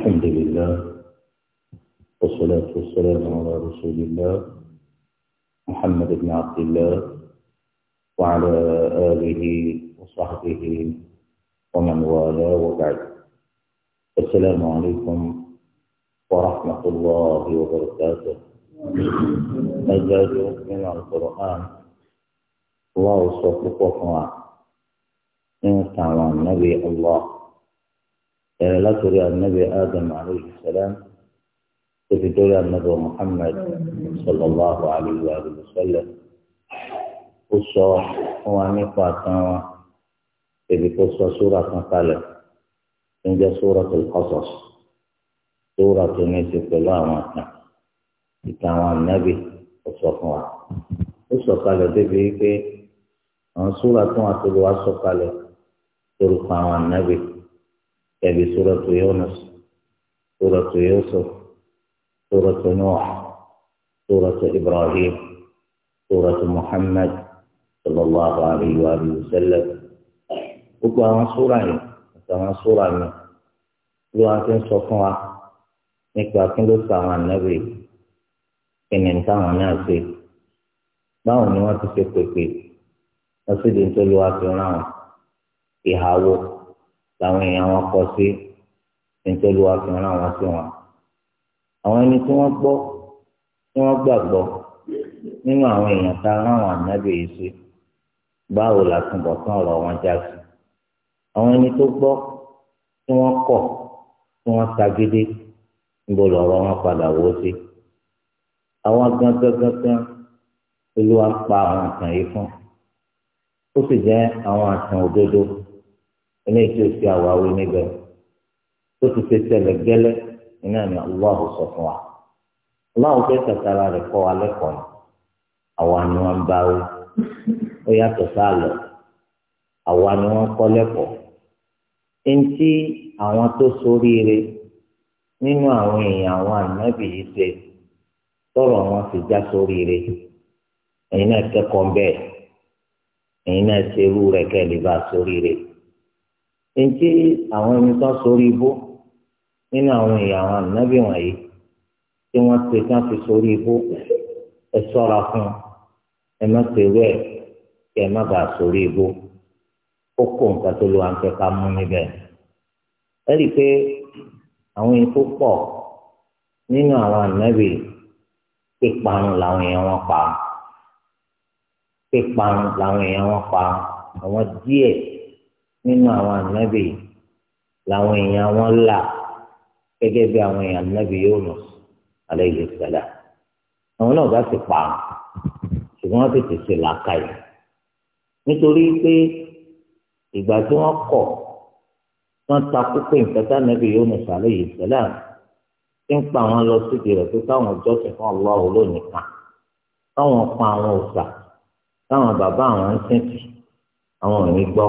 الحمد لله والصلاة والسلام على رسول الله محمد بن عبد الله وعلى آله وصحبه ومن والاه وبعد السلام عليكم ورحمة الله وبركاته مزاج من القرآن الله صدق وفرع من النبي الله bẹ̀rẹ̀ látòrí ànábì adam alayhi salam tó fi dórí ànábì muhammad sallallahu alayhi wa sallam ó sọ fún wa nípa àtàn wọn èdè kó sọ sóra kan kalẹ̀ tó ń jẹ́ suratul qasas sóra tó ní ti pẹ̀lú àwọn àtàn ìtàn àwọn ànábì ó sọ fún wa ó sọ kalẹ̀ débi pé àwọn sóra tó wà tó lè sọ kalẹ̀ lórúkọ àwọn ànábì. كابي سورة يونس سورة يوسف سورة نوح سورة إبراهيم سورة محمد صلى الله عليه وآله وسلم gbogbo àwọn súra yìí àti àwọn súra mi ló wá ti ń sọ fún wa nípa kí ló sa àwọn ànábì kí ni táwọn náà ṣe báwo ni wọn ti ṣe pèpè wọn sì di nítorí wá fi ràn án ìhàwọ làwọn èèyàn wọn kọ sí nítorí wàá fi ràn wọn sí wọn àwọn ẹni tí wọ́n gbọ́ tí wọ́n gbàgbọ́ nínú àwọn èèyàn tá a ráwọn ànábì yìí sí báwo la tún bọ̀ tán ọ̀rọ̀ wọn já sí àwọn ẹni tó gbọ́ tí wọ́n kọ̀ tí wọ́n ṣagídé níbo lọ̀rọ̀ wọn padà wó sí àwọn gangangangan olúwa ń pa àwọn nǹkan yìí fún ó sì jẹ́ àwọn àtàn òdodo. eléyìí tí o fi àwáwí níbẹ̀ tó ti ṣe ṣẹlẹ̀ gẹ́lẹ́ iná ni Allahu sọ fún wa Allahu fẹ́ tàtàrà rẹ̀ kọ wa kọ ni àwa ni wọ́n bá wí ó yàtọ̀ sáàlọ̀ àwa ni wọ́n kọ́ lẹ́kọ̀ọ́ eŋti àwọn tó nínú àwọn èèyàn àwọn ànábì yìí ṣe wọn fi já ṣoríire ẹ̀yin náà kẹ́kọ̀ọ́ bẹ́ẹ̀ ẹ̀yin náà bá eŋti àwọn ẹni tó sórí ibú nínú àwọn èèyàn àwọn ànábì wọ̀nyí tí wọ́n ti tán fi sórí ibú ẹ ṣọ́ra fún ẹ má pèrú ẹ kí ẹ má bàa sórí ibú ó kó nǹkan tó lo àǹtẹ̀ ká mú níbẹ̀ ẹ rí i pé àwọn èèyàn tó pọ̀ nínú àwọn ànábì píparun làwọn èèyàn wọn pa píparun làwọn èèyàn wọn pa àwọn díẹ̀ nínú àwọn ànábì làwọn èèyàn wọn là gẹ́gẹ́ bí àwọn èèyàn ànábì Yunus alayhi salam àwọn náà bá ti pa àwọn ṣùgbọ́n wọ́n tètè ṣe làákàyè nítorí pé ìgbà tí wọ́n kọ̀ wọ́n takú pé nǹkan tá ànábì Yunus alayhi salam ti ń pa àwọn lọ síbi rẹ̀ pé káwọn jọ́sìn fún Ọlọ́run lónìí kan káwọn pa àwọn òòṣà táwọn bàbá àwọn ń sìn àwọn ò ní gbọ́.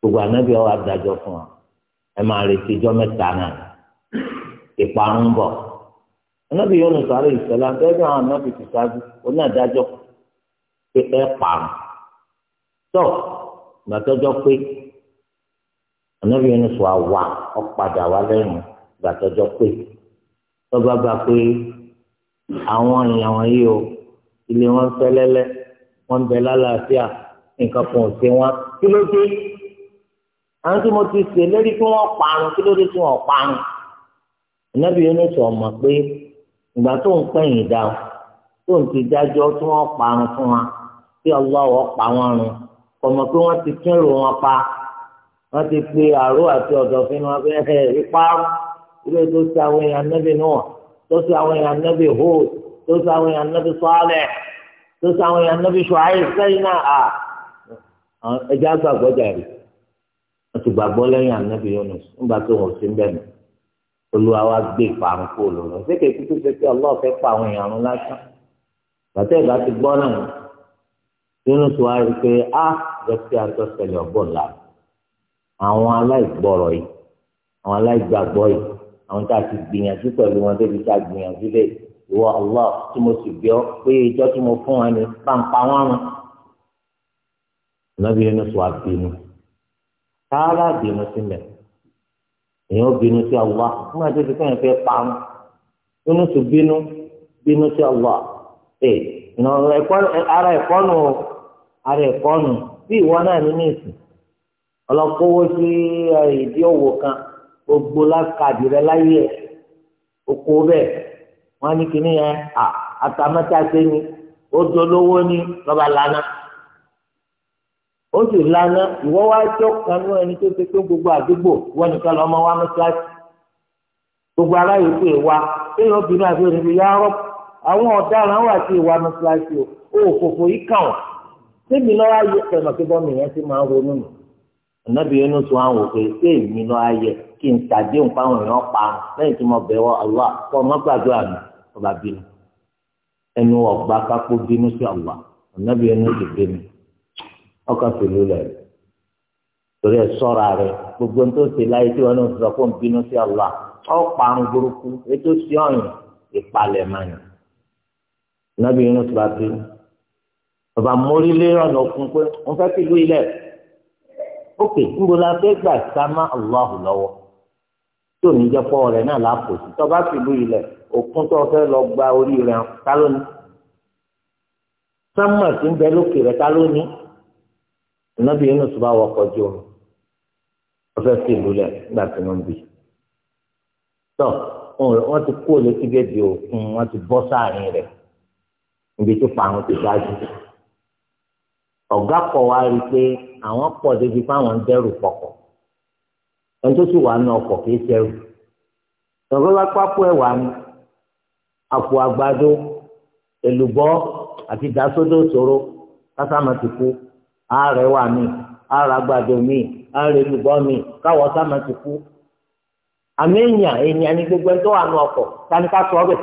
gbogbo anabi ọwọ adájọ́ fún wa ẹ máa retí ijọ́ mẹ́ta náà ìparun bọ anabi yóò nù sáré ìṣẹ̀lẹ̀ abẹ́rẹ́ àwọn anabi ti ṣáájú onídàájọ́ pé ẹ parun tó gbàtọ́jọ́ pé anabi yóò nù sọ àwa ọ̀padà wa lẹ́nu gbàtọ́jọ́ pé tọ́ba bá pé àwọn èèyàn wọ̀nyí o ilé wọn fẹ́lẹ́lẹ́ wọn bẹ lálàáfíà nǹkan kan ò sí wọn kí ló dé àwọn tí mo ti sè lórí kí wọ́n parun kí ló dé tí wọ́n parun ìnábì yóò ní sọ ọmọ pé ìgbà tó ń pẹ̀yìn dá o tó ń ti dájọ́ tí wọ́n parun fún wa tí ọlọ́wọ́ pa wọ́n run ọmọ pé wọ́n ti kírò wọn pa wọ́n ti pe àrò àti ọ̀dọ̀fín wọn pé ẹ̀ ipá ilé tó ṣe àwọn èèyàn nẹ́bì náà tó ṣe àwọn èèyàn nẹ́bì hóòd tó ṣe àwọn èèyàn nẹ́bì sọ́ọ̀lẹ̀ tó ṣe àwọn èèyàn nẹ́bì ṣùáyé sẹ́yìn náà ẹja gbàgbọ́jà rèé wọ́n ti gbàgbọ́ lẹ́yìn ànábì Yunus nígbà tó wọ́n ti ń bẹ̀ mí olúwa wa gbé ìparun kó lòlọ́ sékè kúkú ṣe pé ọlọ́ọ̀ fẹ́ pa àwọn èèyàn rún lásán bàtẹ́ ìgbà ti gbọ́ náà Yunus wa rí i pé a dọ́kítà àtọ́sẹ̀lẹ̀ ọ̀bọ̀n là àwọn aláìgbọ́rọ̀ yìí àwọn aláìgbàgbọ́ yìí àwọn tá a ti gbìyànjú pẹ̀lú wọn débi tá a gbìyànjú lé ìwọ ọlọ́ tí mo sì bí ọ pé ìjọ tí mo fún wọn ni bá ń pa wọn rún kára bínú sí mẹ èèyàn bínú sí Allah fún àti fi kéèyàn fẹ́ pa án bínú bínú bínú sí ẹ ara ẹ̀kọ́ nù ara ẹ̀kọ́ nù bí ìwọ náà ní nìsín ọlọ́kọ́wọ́ sí ìdí òwò kan gbogbo lákàdì rẹ láyé oko ní kíní yẹn ó dolówó ní ó sì lana ìwọ wá jọ kanú ẹni tó ṣe pé gbogbo àdúgbò wọn nìkan lọ́mọ wa mọ́ṣáláṣí gbogbo aráyè pé wa ẹ̀yìn obìnrin àti obìnrin yà rọ àwọn ọ̀daràn wà sí ìwà mọ́ṣáláṣí o òfòfò yìí kàn wọ́n sẹ́mi lọ́wọ́ ayé pẹ̀lú pé bọ́ọ̀mù yẹn ti máa ń ronú nù ọ̀nàbí yẹn ló sọ àwọn òfin sẹ́mi lọ́wọ́ ayé kí n ṣàdéhùn fáwọn èèyàn pa lẹ́yìn tí mo bẹ̀wọ̀ Allah kọ́ ọmọ gbàdúrà mi ọba bínú ẹnu ọ̀gbà kápó bínú sí Allah ọ̀nàbí yẹn ló ti bínú ọkàn fìlú lẹ̀ torí ẹ sọ́ra rẹ gbogbo ní tó ṣe láyé tí wọn sọ fún un bínú sí Allah ọ̀parun burúkú ètò sí ọ̀yìn ìpalẹ̀ mọ́ni nàbí inú ti bá bínú bàbá mórí lé ọ̀nà òkun pé wọ́n fẹ́ fìlú ilẹ̀ ókè níbo la fẹ́ gbà sámá Allah lọ́wọ́ tó ní jẹ́ pọ́ rẹ̀ náà lápò sí tọ́ bá fìlú ilẹ̀ òkun tó fẹ́ lọ gba orí rẹ̀ ta lónìí sámà ti ń bẹ lókè rẹ̀ ta lónìí nàbí Yunus bá wọkọ̀ ju omi ọfẹ́ sí ìlú lẹ̀ nígbà tí wọ́n ń bì. tọ́ wọ́n ti kó létí géèdì òkun wọ́n ti bọ́ sáàrin rẹ̀ níbi tó pa àwọn ti dájú. ọ̀gá kọ̀ wá rí i pé àwọn pọ̀ débi fáwọn ń dẹ́rù pọ̀pọ̀ ẹni tó sì wà ní ọkọ̀ kì í ṣẹ́rù. tọ́gbọ́n bá pápó ẹ̀wà ni àpò àgbàdo èlùbọ́ àti ìdásódò ṣòro kásámà ti kú àárẹ̀wà mi àràgbàdo mi àrẹ̀lùbọ́ mi káwọ́ sáma ti kú. àmì èèyàn èèyàn ni gbogbo ẹni tó wà ní ọkọ̀ tani ká sọ ọ́bẹ̀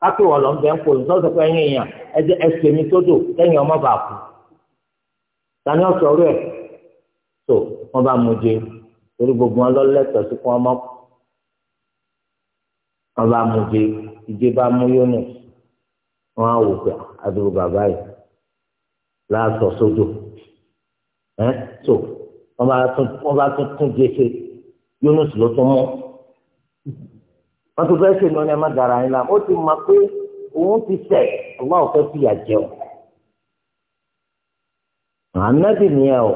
ká pè wọ́n lọ bẹ́ẹ̀ ń pò ní sọ́sọ́ pé ẹ̀yìn èèyàn ẹ̀jẹ̀ ẹ̀sẹ̀ mi tó dò kẹ́yìn ọmọ bàá kú. tani ọ̀sọ̀ rẹ̀ tó wọ́n bá mu jẹ torí gbogbo wọn lọ́lẹ́tọ̀ sí fún ọmọ wọn bá mu jẹ ìdí bá mú yónú wọn á wò pé àdúgbò bàbá yìí láàtọ̀ sódò. So, ẹ tó wọn bá tún wọn bá tún tún Yunus ló tún mú wọn tún bẹ́ẹ̀ ṣe lọ ní ẹ má dara yín la ó ti mọ pé òun ti sẹ̀ ọgbà òfẹ́ ti yà jẹun ànábì nìyẹn o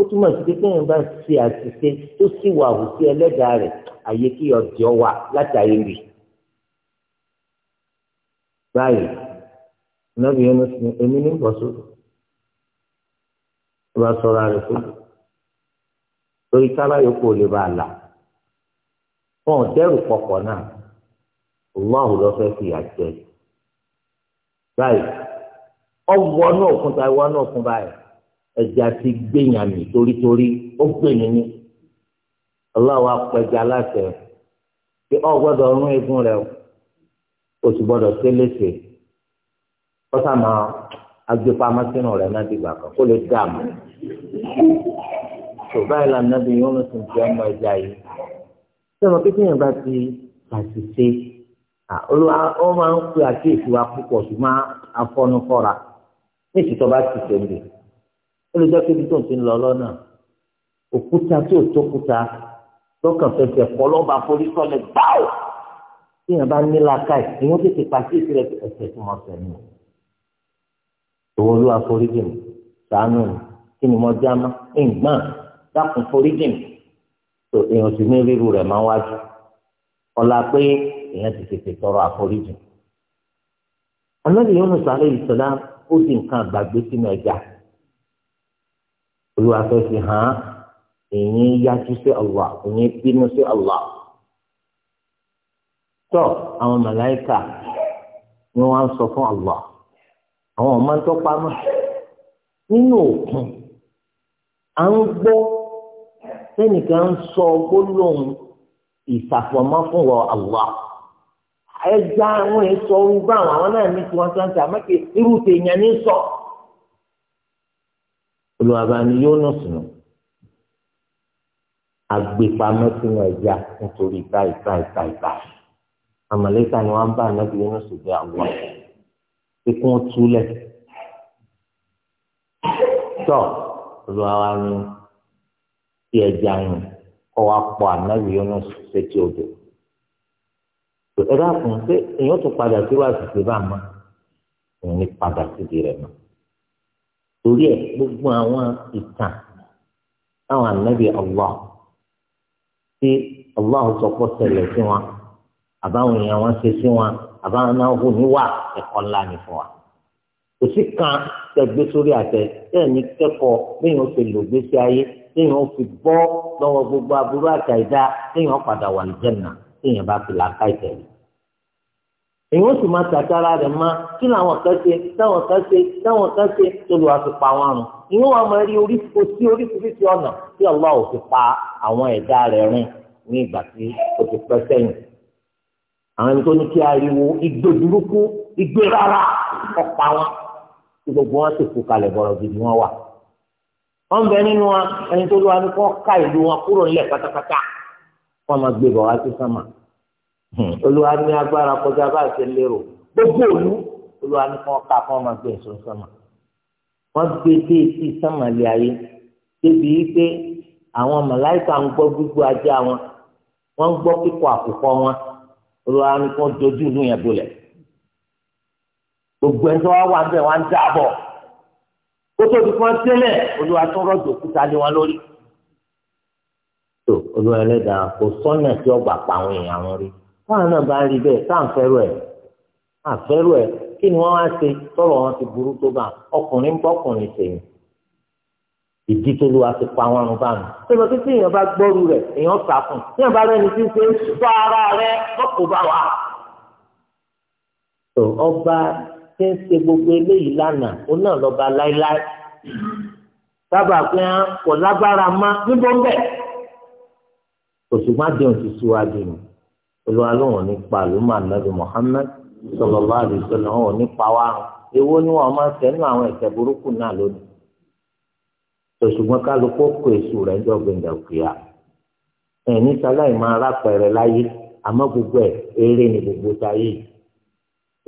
ó túmọ̀ sí pé kéèyàn bá ṣe àṣìṣe tó sì wà òsì ẹlẹ́dàá rẹ̀ àyè kí ọjọ́ wà láti ayé rè báyìí ànábì Yunus ní èmi ní bọ̀ bá sọra rẹ̀ fún mi torí kára yòókù ò lè bá a là wọn ò dẹ́rù pọ̀pọ̀ náà Allahu ló fẹ́ fi àjẹ báyìí ọwọ́ náà kún ta ìwọ náà kún báyìí ẹja ti gbẹ̀yàn torítorí ó gbè mí ní apẹja aláṣẹ pé ọ gbọ́dọ̀ rún egun rẹ o sì gbọ́dọ̀ tẹ́lẹ̀ sí ọ̀sán máa agbèpamọ́ sínú rẹ̀ náà dìgbà kan kó lè dààmú. tó báyìí la nàbí yóò lọ sùn jẹ́ ọmọ ẹja yìí. ṣé wọn kí tíyẹn bá ti àṣìṣe olúwa ó máa ń pe àkíyèsí wa púpọ̀ ṣùgbọ́n afọ́nufọ́ra ní ìṣìṣọ́ bá ti tẹ̀lé. ó lè jẹ́ pé ibi tó ń ti lọ lọ́nà òkúta tí ò tó kúta lọ́kàn fẹsẹ̀ kọ́ lọ́ba forí sọ́lẹ̀ gbáò tíyẹn bá nílá káì ìwọ́n tètè pàṣẹ ìṣẹ̀lẹ̀ ẹ̀sẹ̀ tó mọ̀ sẹ́yìn. ìwọ olúwa foríjì mi ṣàánú kí ni mo já má ǹgbọ́n dákun foríjì tó èèyàn sì ní ríru ihe máa wájú ọ̀la pé èèyàn ti tètè tọrọ àforíjì. Ànábì Yunus alayhi ó di nǹkan àgbàgbé sínú ẹja olúwa fẹ́ fi hàn án èyí yájú sí èyí bínú sí tọ́ àwọn ni fún àwọn ọmọ ń tọ́pa mọ́ nínú òkun à ń gbọ́ sẹ́nìkan ń sọ gbólóhùn ìsàfọ̀mọ́ fún wọn àwa ẹja àwọn èso ọrùbá àwọn àwọn náà ní tiwọn sáńtì àmọ́kè irú tèèyàn ní sọ. olùwàbà ni yóò nù sùnù agbèpamọ́ sínú ẹja nítorí báyìí báyìí báyìí báyìí àmàlẹ́ta ni wọ́n bá ànábìyẹn nù sùn bí àwọn ọ̀hún ikún túlẹ̀ tọ́ olùwàwá ni tí ẹja yìí kọ́ wa pọ̀ ànábì Yunus sétí odò ẹ dákun pé èèyàn tún padà sí wàá ṣiṣẹ́ bá mọ́ òun ní padà síbi rẹ̀ mọ́ torí ẹ gbogbo àwọn ìtàn àwọn ànábì Allah tí Allah sọ pé sí wọn àbáwọn èèyàn wọn ṣe sí wọn àbáwọn náà hù níwà ẹ̀kọ́ ńlá ni fún wa kò sí kan tẹgbẹ́ sórí àtẹ tẹ́ ní kẹ́kọ̀ọ́ bẹ́ẹ̀ ó fi lò gbèsè ayé téèyàn ó fi bọ́ lọ́wọ́ gbogbo aburú àti àìdá téèyàn padà wà lìjẹ́nà téèyàn bá fi làákà ìtẹ̀lẹ̀. èyàn ó sì máa tàtàrà rẹ̀ mọ́ kí làwọn kan ṣe táwọn kan ṣe táwọn kan ṣe tó lù wá fi pa wọn rùn. ìyẹn wàá máa rí oríṣiríṣi oríṣiríṣi ọ̀nà tí Allah ò fi pa àwọn ẹ̀dá rẹ̀ rìn ní ìgbà tí ó ti pẹ́ sẹ́yìn àwọn ẹni tó ní kí ariwo igbe burúkú igbe rárá ọ̀pá wọn tí gbogbo wọn sì kú kalẹ̀ bọ̀rọ̀ gidi wọn wà. wọ́n bẹ nínú wa ẹni tó lọ́wọ́ ni kò ká ìlú wọn kúrò nílẹ̀ pátápátá wọ́n máa gbé bọ̀ wá sí sámà. olúwa ní agbára kọjá bá ṣe lérò gbogbo òlu olúwa ní kò ká kó máa gbé èso sámà. wọ́n gbé dé etí sámà lé ayé débi pé àwọn màláìka ń gbọ́ gbígbó ajá wọn wọ́n ń gbọ́ kíkọ àkùkọ wọn olùwà kò dojú ìlú yẹn bolẹ̀ gbogbo ẹni tó wá wà bẹ́ẹ̀ wá ń dáàbọ̀ kó tó di kan tẹ́lẹ̀ olùwà kúta lé wọn lórí tó olùwà kò sọ́nà tí ọgbà pa àwọn èèyàn wọn rí táwọn náà bá rí bẹ́ẹ̀ táà ń fẹ́rù ẹ̀ àfẹ́rù ẹ̀ kí ni wọ́n wá ṣe tọrọ wọn ti burú tó bá ọkùnrin bọ́kùnrin ṣèyìn ìdí tó lu àti pa wọn bá mi. sọlọ tí tí èèyàn bá gbọ́rù rẹ̀ èèyàn sá fún un tí èèyàn bá rẹ́ni tí ń ṣe sọ ara rẹ̀ lọ́kọ̀ bá wà. tó ọba tí ń ṣe gbogbo eléyìí lánàá ó náà lọ́ba láéláé. sábà pé hàn kò lágbára má níbo ń òṣùpá dẹ̀hùn ti síwájú ni olúwa ló wọn nípa àlùmọ́ ànábì Muhammad sallallahu alaihi wasallam wọn nípa wa èwo ni wọn máa ń tẹnu àwọn ẹ̀ṣẹ̀ burúkú náà lónìí. ṣùgbọ́n kálukú kó èso rẹ̀ ń dọ̀gbìn dàgbìyà ẹ̀ní sáláì máa rápẹ̀rẹ̀ láyé àmọ́ gbogbo ẹ̀ eré ni gbogbo táyé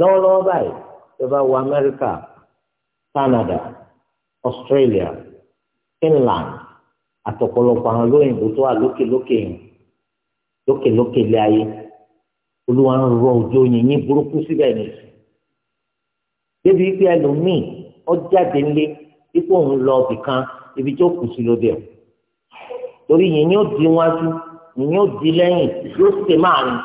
lọ́wọ́lọ́wọ́ báyìí ẹ bá wọ Amẹ́ríkà Canada Australia Finland àtọ̀pọ̀lọpọ̀ àwọn olóyìnbó tó wà lókèlókè lókèlókè ilé ayé olúwa ń rọ òjò yìnyín burúkú síbẹ̀ ni débi wípé ẹlòmíì ó jáde nílé ipò òun lọ ibi tí ó kù sí lóde ọ torí yìnyín yóò di wájú yìnyín yóò di lẹ́yìn yóò ṣe máa rìn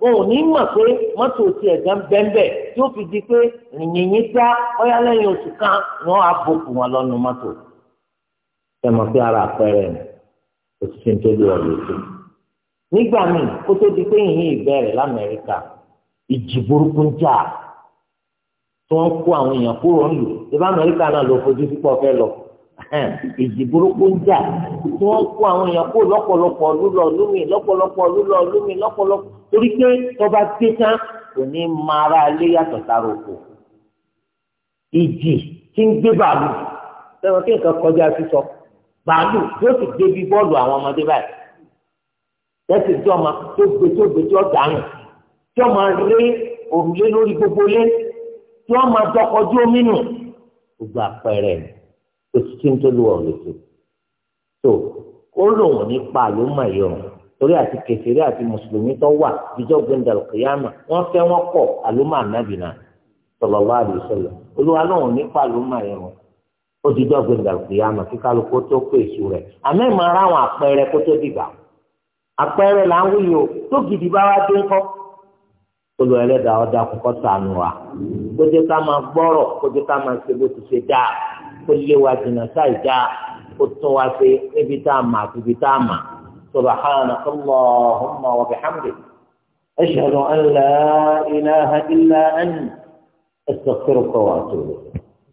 o ò ní mọ̀ pé mọ́tò ti ẹ̀gá ń bẹ́ńbẹ́ tí ó fi di pé yìnyín dá ọyá lẹ́yìn oṣù kan ni wọ́n á bòkù wọn lọ́nu mọ́tò ẹ mọ̀ pé ara àpẹẹrẹ ni òṣìṣẹ́ tó lé ọ̀rọ̀ ètò nígbà míì kó tó di pé yìnyín ìbẹ̀rẹ̀ lamẹ́ríkà ìjì burúkú ń jà tí wọ́n kó àwọn èèyàn kúrò ń lò ìbá amẹ́ríkà náà ló fojú sí pọ̀ fẹ́ lọ èjì burúkú ń jà tí wọ́n kó àwọn èèyàn kó lọ́pọ̀lọpọ̀ lúlọ lómi lọ́pọ̀lọpọ̀ lúlọ lómi lọ́pọ̀lọpọ̀ torí pé tọba dé tán kò ní máa ra ilé yàtọ̀ sára oko ìjì tí ń gbé bàálù sẹ́wọ̀n kí nǹkan kọjá sísọ bàálù yóò sì gbé bí bọ́ọ̀lù àwọn ọmọdé báyìí tẹ́sí tí ọmọ tó gbé tó gbé tí ó dànù tí ọmọ rí òrùlé lórí gbogbo lé tí ọmọ dọkọjú omi nù gbogbo àpẹẹrẹ rẹ kò sí tí ń tó lu ọ̀rọ̀ tó tó ó lòun nípa àlómà yọrùn torí àti kẹfìrí àti mùsùlùmí tó wà jíjọ gbẹndàlù kìyàmà wọn fẹ́ wọn kọ àlómà nàbìnà sallallahu alaihi wasallam olúwa lòun nípa àlómà yọrùn ó jíjọ gbẹndàlù kìyàmà kí kálukú tó pè èso rẹ àmọ́ ìmọ̀ ara àwọn àpẹẹrẹ kó tó dìgbà àpẹẹrẹ là ń wúyò tó gidi bá wá dé ńkọ́ olú ẹlẹ́dàá ọ̀dà kọ́kọ́ sànù wa kó jẹ́ ká máa gbọ́rọ̀ kó jẹ́ ká máa ṣe bó ti ṣe dáa. kó lé wa jìnnà sáìjà kó tún wa ṣe ibi tá a mà àti ibi tá a mà subhanaka allahumma wa bihamdik ashhadu an la ilaha illa anta astaghfiruka wa atubu.